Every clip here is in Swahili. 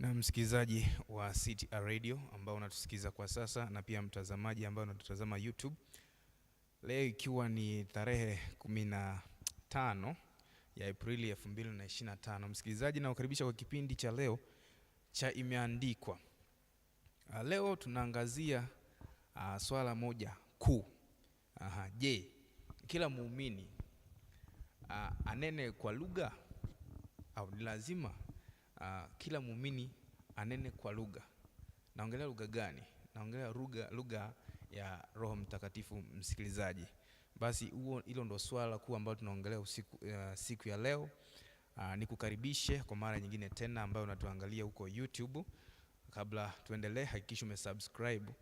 na msikilizaji wa CTR Radio ambao unatusikiza kwa sasa na pia mtazamaji ambao unatutazama YouTube. Leo ikiwa ni tarehe 15 ya Aprili 2025, msikilizaji, nakukaribisha kwa kipindi cha leo cha Imeandikwa. Ah, leo tunaangazia uh, swala moja kuu. Aha, je, kila muumini uh, anene kwa lugha au ni lazima uh, kila muumini anene kwa lugha. Naongelea lugha gani? Naongelea lugha lugha ya Roho Mtakatifu, msikilizaji. Basi huo hilo ndo swala kuu ambalo tunaongelea usiku, uh, siku ya leo. Uh, nikukaribishe kwa mara nyingine tena ambayo unatuangalia huko YouTube. Kabla tuendelee, hakikisha umesubscribe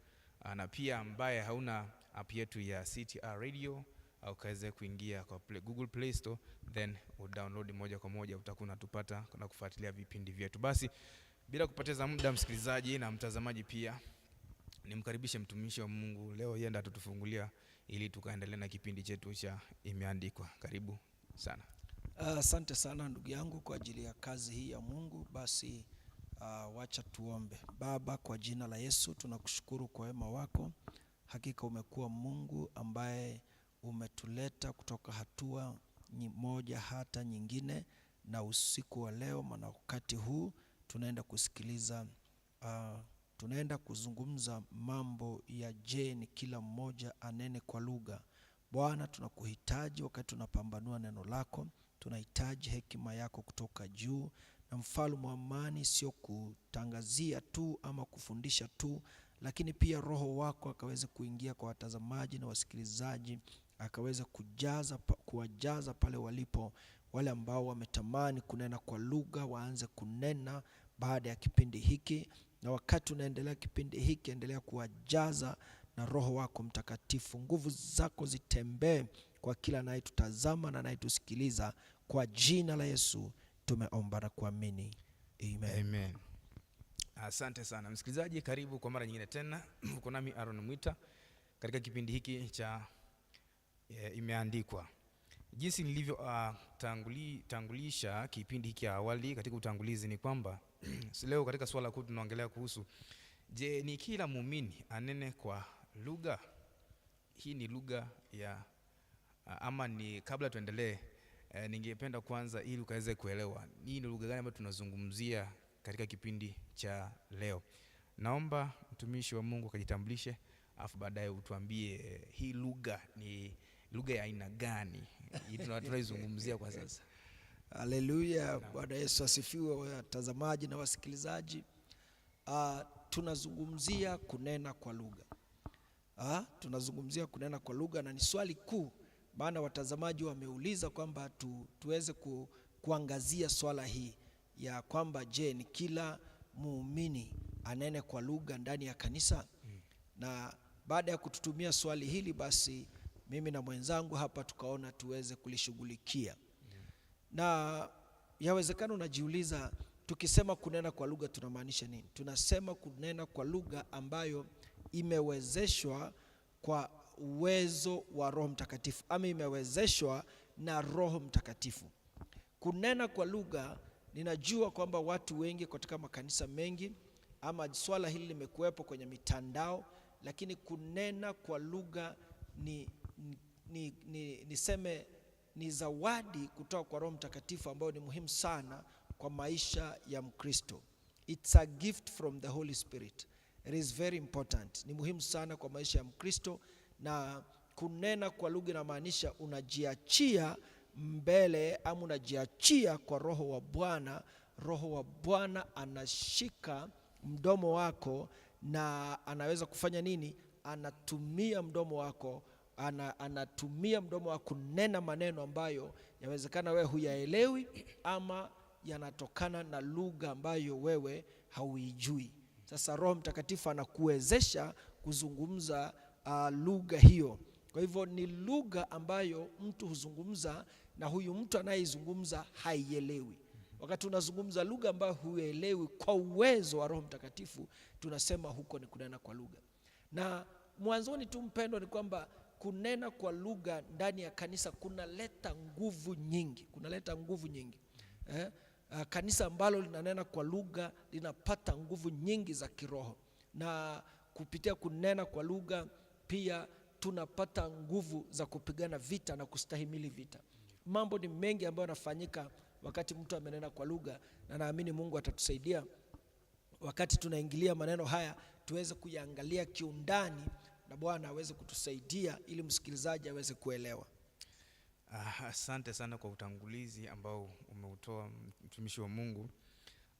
uh, na pia ambaye hauna app yetu ya CTR Radio au kaweze kuingia kwa play, Google Play Store then udownload moja kwa moja, utakuwa unatupata na kufuatilia vipindi vyetu. Basi bila kupoteza muda, msikilizaji na mtazamaji pia nimkaribishe mtumishi wa Mungu leo, yeye ndiye atatufungulia ili tukaendelea na kipindi chetu cha Imeandikwa. Karibu sana. Asante uh, sana ndugu yangu kwa ajili ya kazi hii ya Mungu. Basi uh, wacha tuombe. Baba, kwa jina la Yesu tunakushukuru kwa wema wako, hakika umekuwa Mungu ambaye umetuleta kutoka hatua moja hata nyingine, na usiku wa leo maana wakati huu tunaenda kusikiliza uh, tunaenda kuzungumza mambo ya je, ni kila mmoja anene kwa lugha. Bwana, tunakuhitaji wakati tunapambanua neno lako, tunahitaji hekima yako kutoka juu, na mfalme wa amani, sio kutangazia tu ama kufundisha tu, lakini pia Roho wako akaweze kuingia kwa watazamaji na wasikilizaji akaweza kujaza, kuwajaza pale walipo wale ambao wametamani kunena kwa lugha waanze kunena baada ya kipindi hiki, na wakati unaendelea kipindi hiki, endelea kuwajaza na Roho wako Mtakatifu. Nguvu zako zitembee kwa kila anayetutazama na anayetusikiliza. Kwa jina la Yesu tumeomba na kuamini, amen, amen. Asante sana msikilizaji, karibu kwa mara nyingine tena. Uko nami Aaron Mwita katika kipindi hiki cha yeah, imeandikwa jinsi nilivyo uh, kipindi hiki awali katika utangulizi ni kwamba leo katika swala kuu tunaongelea kuhusu, je, ni kila muumini anene kwa lugha? Hii ni lugha ya uh, ama ni kabla tuendelee uh, ningependa kwanza, ili ukaweze kuelewa hii ni lugha gani ambayo tunazungumzia katika kipindi cha leo. Naomba mtumishi wa Mungu akajitambulishe, afu baadaye utuambie eh, hii lugha ni lugha ya aina gani tunaizungumzia kwa sasa? Haleluya, Bwana Yesu asifiwe. Watazamaji na wasikilizaji, uh, tunazungumzia kunena kwa lugha uh, tunazungumzia kunena kwa lugha, na ni swali kuu, maana watazamaji wameuliza kwamba tu, tuweze ku, kuangazia swala hii ya kwamba je, ni kila muumini anene kwa lugha ndani ya kanisa? Hmm. Na baada ya kututumia swali hili basi mimi na mwenzangu hapa tukaona tuweze kulishughulikia mm-hmm. Na yawezekana unajiuliza, tukisema kunena kwa lugha tunamaanisha nini? Tunasema kunena kwa lugha ambayo imewezeshwa kwa uwezo wa Roho Mtakatifu ama imewezeshwa na Roho Mtakatifu. Kunena kwa lugha, ninajua kwamba watu wengi katika makanisa mengi ama swala hili limekuwepo kwenye mitandao, lakini kunena kwa lugha ni ni, ni, niseme ni zawadi kutoka kwa Roho Mtakatifu ambayo ni muhimu sana kwa maisha ya Mkristo. It's a gift from the Holy Spirit. It is very important. Ni muhimu sana kwa maisha ya Mkristo na kunena kwa lugha inamaanisha unajiachia mbele ama unajiachia kwa Roho wa Bwana. Roho wa Bwana anashika mdomo wako na anaweza kufanya nini? Anatumia mdomo wako ana, anatumia mdomo wa kunena maneno ambayo yawezekana wewe huyaelewi ama yanatokana na lugha ambayo wewe hauijui. Sasa Roho Mtakatifu anakuwezesha kuzungumza uh, lugha hiyo. Kwa hivyo ni lugha ambayo mtu huzungumza na huyu mtu anayeizungumza haielewi. Wakati unazungumza lugha ambayo huelewi kwa uwezo wa Roho Mtakatifu, tunasema huko ni kunena kwa lugha. Na mwanzoni tu, mpendwa, ni kwamba kunena kwa lugha ndani ya kanisa kunaleta nguvu nyingi, kunaleta nguvu nyingi eh? Ah, kanisa ambalo linanena kwa lugha linapata nguvu nyingi za kiroho, na kupitia kunena kwa lugha pia tunapata nguvu za kupigana vita na kustahimili vita. Mambo ni mengi ambayo yanafanyika wakati mtu amenena kwa lugha, na naamini Mungu atatusaidia wakati tunaingilia maneno haya tuweze kuyaangalia kiundani na Bwana aweze kutusaidia ili msikilizaji aweze kuelewa. Ah, asante sana kwa utangulizi ambao umeutoa mtumishi wa Mungu.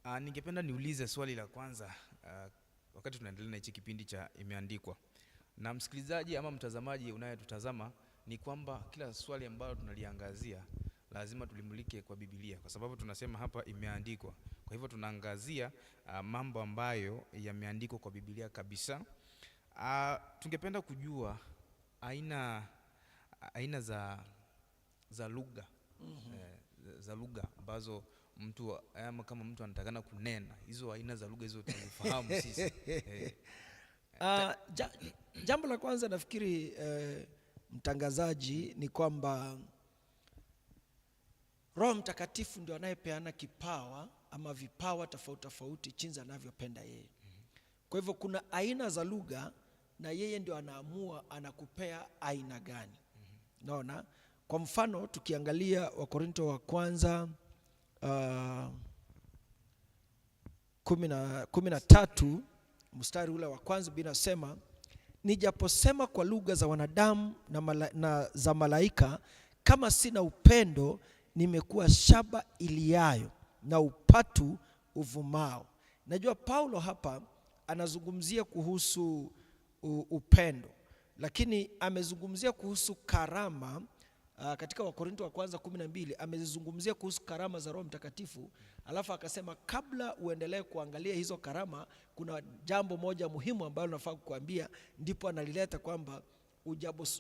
Ah, ningependa niulize swali la kwanza ah, wakati tunaendelea na hichi kipindi cha imeandikwa na msikilizaji ama mtazamaji unayetutazama ni kwamba kila swali ambalo tunaliangazia lazima tulimulike kwa Biblia, kwa sababu tunasema hapa imeandikwa. Kwa hivyo tunaangazia uh, mambo ambayo yameandikwa kwa Biblia kabisa Uh, tungependa kujua aina, aina za, za lugha mm -hmm. eh, za lugha ambazo mtu ama kama mtu anatakana kunena hizo aina za lugha hizo tunazifahamu sisi eh. Uh, ja, jambo la kwanza nafikiri eh, mtangazaji ni kwamba Roho Mtakatifu ndio anayepeana kipawa ama vipawa tofauti tofauti chinzi anavyopenda yeye. Mhm. Kwa hivyo kuna aina za lugha na yeye ndio anaamua anakupea aina gani. Naona kwa mfano tukiangalia Wakorinto wa kwanza uh, kumi na, tatu mstari ule wa kwanza binasema nijaposema kwa lugha za wanadamu na, mala, na za malaika kama sina upendo nimekuwa shaba iliyayo na upatu uvumao. Najua Paulo hapa anazungumzia kuhusu upendo, lakini amezungumzia kuhusu karama Uh, katika Wakorinto wa kwanza 12 amezizungumzia kuhusu karama za Roho Mtakatifu, alafu akasema kabla uendelee kuangalia hizo karama, kuna jambo moja muhimu ambalo nafaa kukuambia. Ndipo analileta kwamba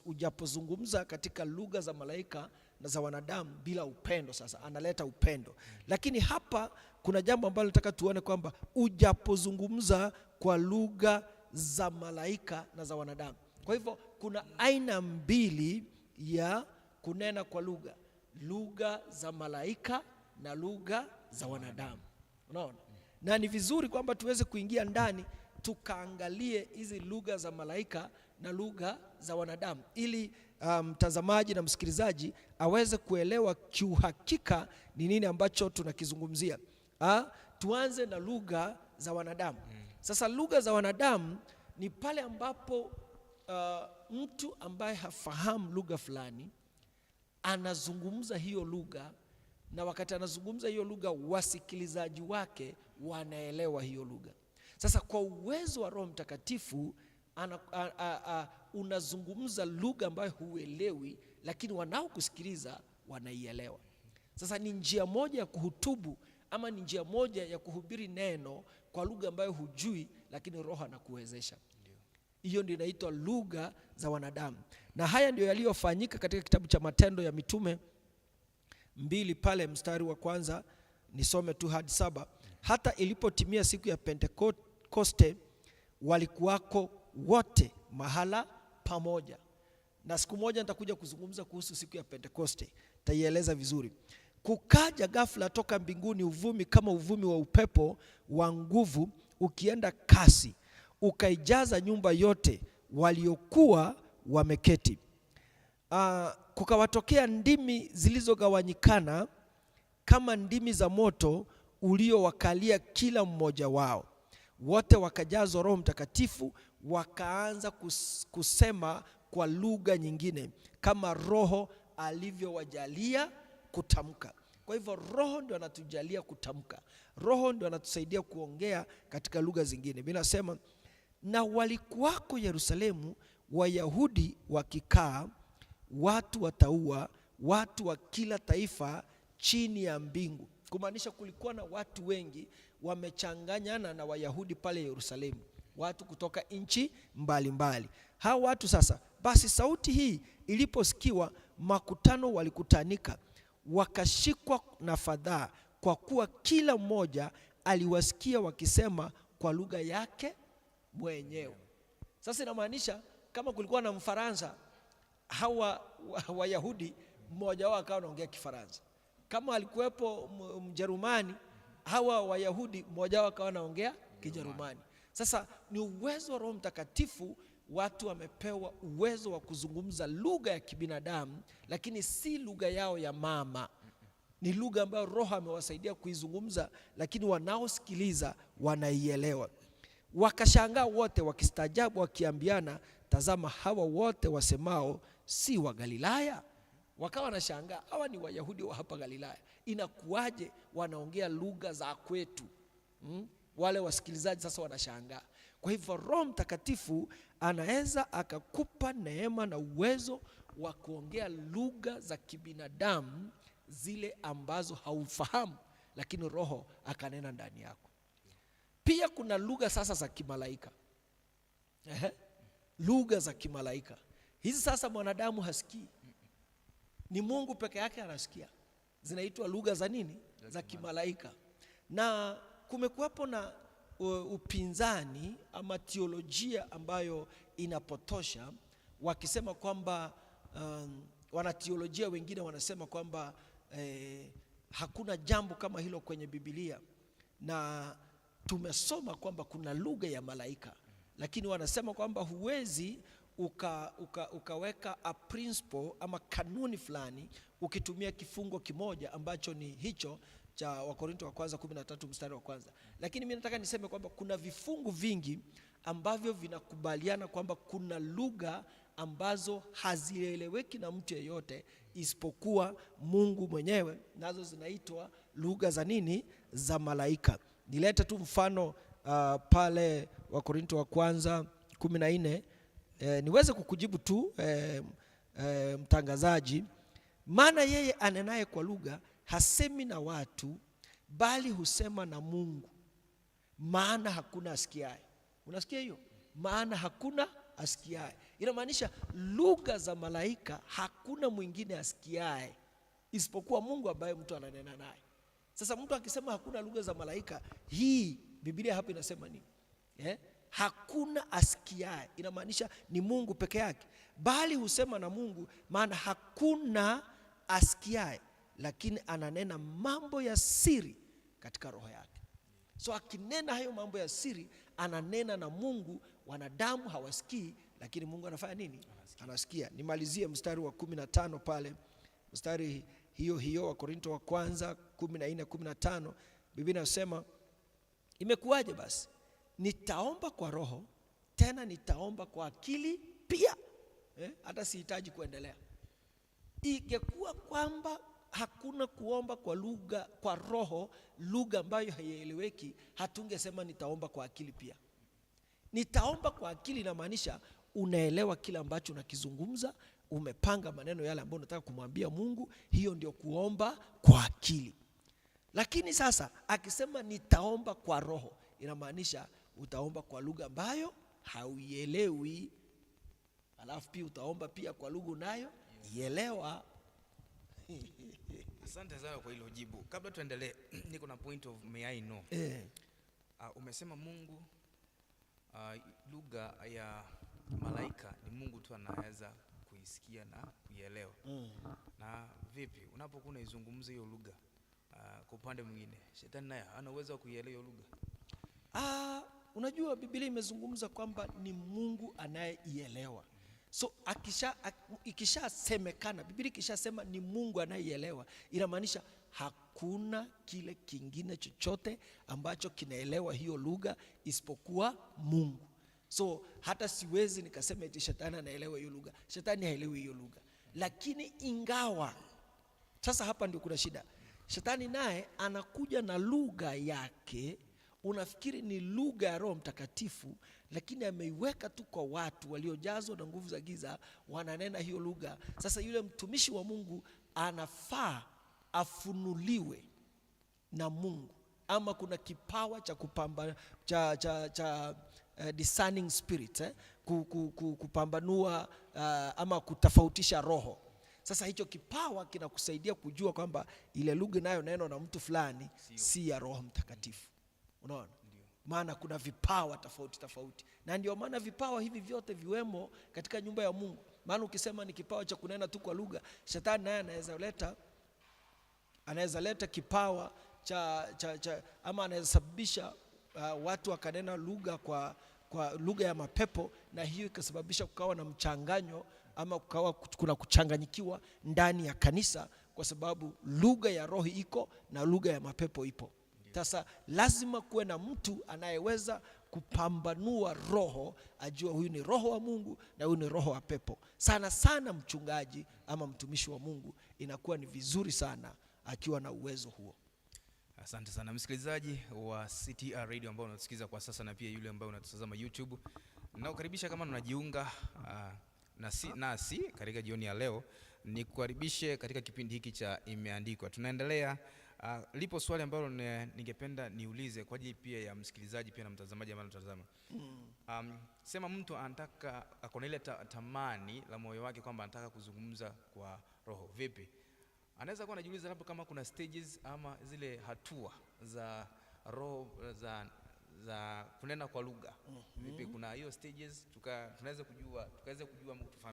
ujapozungumza katika lugha za malaika na za wanadamu bila upendo, sasa analeta upendo. Lakini hapa kuna jambo ambalo nataka tuone kwamba ujapozungumza kwa lugha za malaika na za wanadamu. Kwa hivyo kuna aina mbili ya kunena kwa lugha, lugha za malaika na lugha za wanadamu. Unaona, na ni vizuri kwamba tuweze kuingia ndani tukaangalie hizi lugha za malaika na lugha za wanadamu ili ah, mtazamaji um, na msikilizaji aweze kuelewa kiuhakika ni nini ambacho tunakizungumzia. Ah, tuanze na lugha za wanadamu. Mm. Sasa lugha za wanadamu ni pale ambapo uh, mtu ambaye hafahamu lugha fulani anazungumza hiyo lugha, na wakati anazungumza hiyo lugha wasikilizaji wake wanaelewa hiyo lugha. Sasa kwa uwezo wa Roho Mtakatifu ana, a, a, a, unazungumza lugha ambayo huelewi, lakini wanaokusikiliza wanaielewa. Sasa ni njia moja ya kuhutubu ama ni njia moja ya kuhubiri neno kwa lugha ambayo hujui, lakini Roho anakuwezesha. Hiyo ndio inaitwa lugha za wanadamu, na haya ndio yaliyofanyika katika kitabu cha Matendo ya Mitume mbili pale mstari wa kwanza nisome tu hadi saba. Hata ilipotimia siku ya Pentekoste, walikuwako wote mahala pamoja. Na siku moja nitakuja kuzungumza kuhusu siku ya Pentekoste, taieleza vizuri. Kukaja ghafla toka mbinguni uvumi kama uvumi wa upepo wa nguvu ukienda kasi, ukaijaza nyumba yote waliokuwa wameketi. Uh, kukawatokea ndimi zilizogawanyikana kama ndimi za moto uliowakalia kila mmoja wao. Wote wakajazwa Roho Mtakatifu, wakaanza kusema kwa lugha nyingine kama Roho alivyowajalia kutamka. Kwa hivyo Roho ndio anatujalia kutamka, Roho ndio anatusaidia kuongea katika lugha zingine. Mimi nasema na walikuwako Yerusalemu Wayahudi wakikaa, watu wataua, watu wa kila taifa chini ya mbingu. Kumaanisha kulikuwa na watu wengi wamechanganyana na Wayahudi pale Yerusalemu, watu kutoka nchi mbalimbali. Hawa watu sasa, basi sauti hii iliposikiwa, makutano walikutanika wakashikwa na fadhaa, kwa kuwa kila mmoja aliwasikia wakisema kwa lugha yake mwenyewe. Sasa inamaanisha kama kulikuwa na Mfaransa, hawa Wayahudi mmoja wao akawa anaongea Kifaransa. Kama alikuwepo Mjerumani, hawa Wayahudi mmoja wao akawa anaongea Kijerumani. Sasa ni uwezo wa Roho Mtakatifu. Watu wamepewa uwezo wa kuzungumza lugha ya kibinadamu, lakini si lugha yao ya mama. Ni lugha ambayo Roho amewasaidia kuizungumza, lakini wanaosikiliza wanaielewa. Wakashangaa wote wakistaajabu, wakiambiana, tazama, hawa wote wasemao si wa Galilaya? Wakawa wanashangaa, hawa ni Wayahudi wa hapa Galilaya, inakuwaje wanaongea lugha za kwetu hmm? wale wasikilizaji sasa wanashangaa. Kwa hivyo Roho Mtakatifu anaweza akakupa neema na uwezo wa kuongea lugha za kibinadamu zile ambazo haufahamu, lakini Roho akanena ndani yako. Pia kuna lugha sasa za kimalaika. Ehe, lugha za kimalaika hizi sasa mwanadamu hasikii, ni Mungu peke yake anasikia. Zinaitwa lugha za nini? Za kimalaika na kumekuwapo na upinzani ama teolojia ambayo inapotosha, wakisema kwamba um, wanateolojia wengine wanasema kwamba eh, hakuna jambo kama hilo kwenye Biblia na tumesoma kwamba kuna lugha ya malaika, lakini wanasema kwamba huwezi uka, uka, ukaweka a principle ama kanuni fulani ukitumia kifungo kimoja ambacho ni hicho cha Wakorinto wa kwanza 13 mstari wa kwanza. Lakini mimi nataka niseme kwamba kuna vifungu vingi ambavyo vinakubaliana kwamba kuna lugha ambazo hazieleweki na mtu yeyote isipokuwa Mungu mwenyewe, nazo zinaitwa lugha za nini? Za malaika. Nilete tu mfano uh, pale Wakorinto wa kwanza 14 eh, niweze kukujibu tu eh, eh, mtangazaji, maana yeye anenaye kwa lugha hasemi na watu, bali husema na Mungu, maana hakuna asikiaye. Unasikia hiyo? Maana hakuna asikiaye, inamaanisha lugha za malaika hakuna mwingine asikiaye isipokuwa Mungu ambaye mtu ananena naye. Sasa mtu akisema hakuna lugha za malaika, hii Biblia hapa inasema nini? Eh? Hakuna asikiaye, inamaanisha ni Mungu peke yake, bali husema na Mungu, maana hakuna asikiaye lakini ananena mambo ya siri katika roho yake. So akinena hayo mambo ya siri, ananena na Mungu. Wanadamu hawasikii, lakini Mungu anafanya nini? Anasikia. Nimalizie mstari wa kumi na tano pale, mstari hiyo hiyo wa Korinto wa kwanza kumi na nne kumi na tano Biblia inasema imekuwaje basi? Nitaomba kwa roho tena nitaomba kwa akili pia eh? Hata sihitaji kuendelea. Ingekuwa kwamba hakuna kuomba kwa lugha, kwa roho, lugha ambayo haieleweki. Hatungesema nitaomba kwa akili pia. Nitaomba kwa akili inamaanisha unaelewa kila ambacho unakizungumza, umepanga maneno yale ambayo unataka kumwambia Mungu. Hiyo ndio kuomba kwa akili. Lakini sasa akisema nitaomba kwa roho, inamaanisha utaomba kwa lugha ambayo hauielewi, alafu pia utaomba pia kwa lugha nayo ielewa Asante sana kwa hilo jibu. Kabla tuendelee, niko na point of may I know. Eh. Uh, umesema Mungu uh, lugha ya malaika ni Mungu tu anaweza kuisikia na kuielewa. Mm. Na vipi unapokuwa unaizungumza hiyo lugha uh, kwa upande mwingine shetani naye ana uwezo wa kuielewa hiyo lugha? Ah, unajua Biblia imezungumza kwamba ni Mungu anayeielewa. So akisha ikishasemekana, Biblia ikishasema ni Mungu anayeelewa inamaanisha hakuna kile kingine chochote ambacho kinaelewa hiyo lugha isipokuwa Mungu. So hata siwezi nikasema eti shetani anaelewa hiyo lugha. Shetani haelewi hiyo lugha, lakini ingawa, sasa hapa ndio kuna shida. Shetani naye anakuja na lugha yake unafikiri ni lugha ya Roho Mtakatifu, lakini ameiweka tu kwa watu waliojazwa na nguvu za giza, wananena hiyo lugha. Sasa yule mtumishi wa Mungu anafaa afunuliwe na Mungu, ama kuna kipawa cha kupamba cha, cha, cha uh, discerning spirit eh? Kupambanua uh, ama kutofautisha roho. Sasa hicho kipawa kinakusaidia kujua kwamba ile lugha nayo neno na mtu fulani si ya Roho Mtakatifu. Unaona, maana kuna vipawa tofauti tofauti, na ndio maana vipawa hivi vyote viwemo katika nyumba ya Mungu. Maana ukisema ni kipawa cha kunena tu kwa lugha, shetani naye anaweza leta, anaweza leta kipawa cha, cha, cha ama anaweza sababisha uh, watu wakanena lugha kwa, kwa lugha ya mapepo, na hiyo ikasababisha kukawa na mchanganyo ama kukawa kuna kuchanganyikiwa ndani ya kanisa, kwa sababu lugha ya roho iko na lugha ya mapepo ipo. Sasa lazima kuwe na mtu anayeweza kupambanua roho, ajua huyu ni roho wa Mungu na huyu ni roho wa pepo. Sana sana mchungaji ama mtumishi wa Mungu inakuwa ni vizuri sana akiwa na uwezo huo. Asante sana msikilizaji wa CTR Radio ambao unatusikiliza kwa sasa na pia yule ambaye unatutazama YouTube, nakukaribisha kama unajiunga uh, ah, nasi, nasi katika jioni ya leo, nikukaribishe katika kipindi hiki cha Imeandikwa. Tunaendelea Uh, lipo swali ambalo ningependa niulize kwa ajili pia ya msikilizaji pia na mtazamaji ambaye anatazama. Hmm. Um, sema mtu anataka akona ile ta, tamani la moyo wake kwamba anataka kuzungumza kwa roho. Vipi? Anaweza kuwa anajiuliza labda kama kuna stages ama zile hatua za roho za za kunena kwa lugha. Mm -hmm. Vipi kuna hiyo stages tuka tunaweza kujua tukaweza kujua